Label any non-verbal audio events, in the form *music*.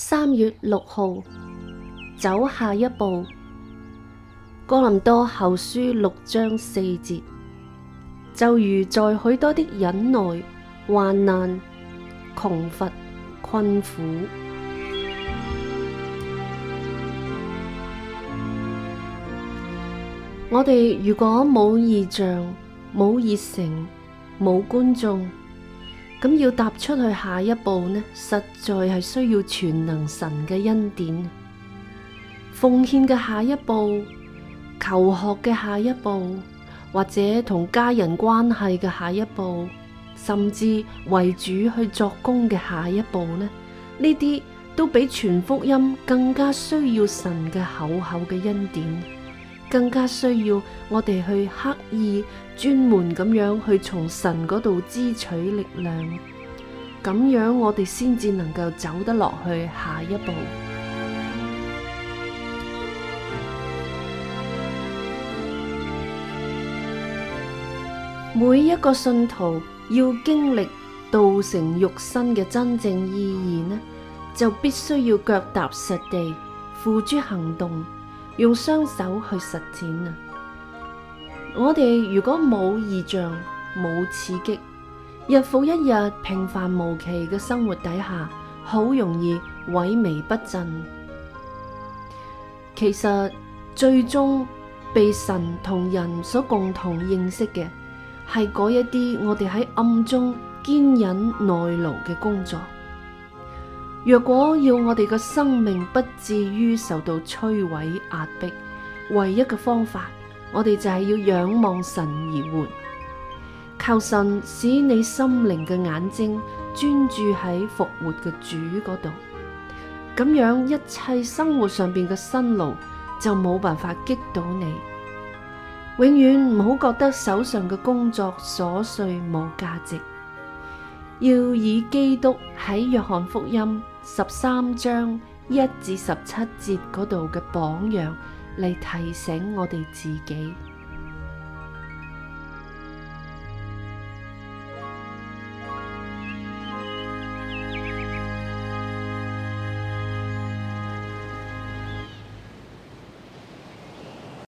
三月六號，走下一步。哥林多後書六章四節，就如在許多的忍耐、患難、窮乏、困苦，我哋如果冇異象、冇熱誠、冇觀眾。咁要踏出去下一步呢？實在係需要全能神嘅恩典，奉獻嘅下一步，求學嘅下一步，或者同家人關係嘅下一步，甚至為主去作工嘅下一步呢？呢啲都比全福音更加需要神嘅厚厚嘅恩典。更加需要我哋去刻意專門咁樣去從神嗰度支取力量，咁樣我哋先至能夠走得落去下一步。 *music* 每一個信徒要經歷道成肉身嘅真正意義呢，就必須要腳踏實地，付諸行動。用雙手去實踐啊！我哋如果冇異象，冇刺激，日復一日平凡無奇嘅生活底下，好容易萎靡不振。其實最終被神同人所共同認識嘅，係嗰一啲我哋喺暗中堅忍耐勞嘅工作。若果要我哋嘅生命不至於受到摧毀壓迫，唯一嘅方法，我哋就係要仰望神而活，靠神使你心靈嘅眼睛專注喺復活嘅主嗰度，咁樣一切生活上邊嘅辛勞就冇辦法激到你，永遠唔好覺得手上嘅工作瑣碎冇價值。要以基督喺約翰福音十三章一至十七節嗰度嘅榜樣嚟提醒我哋自己。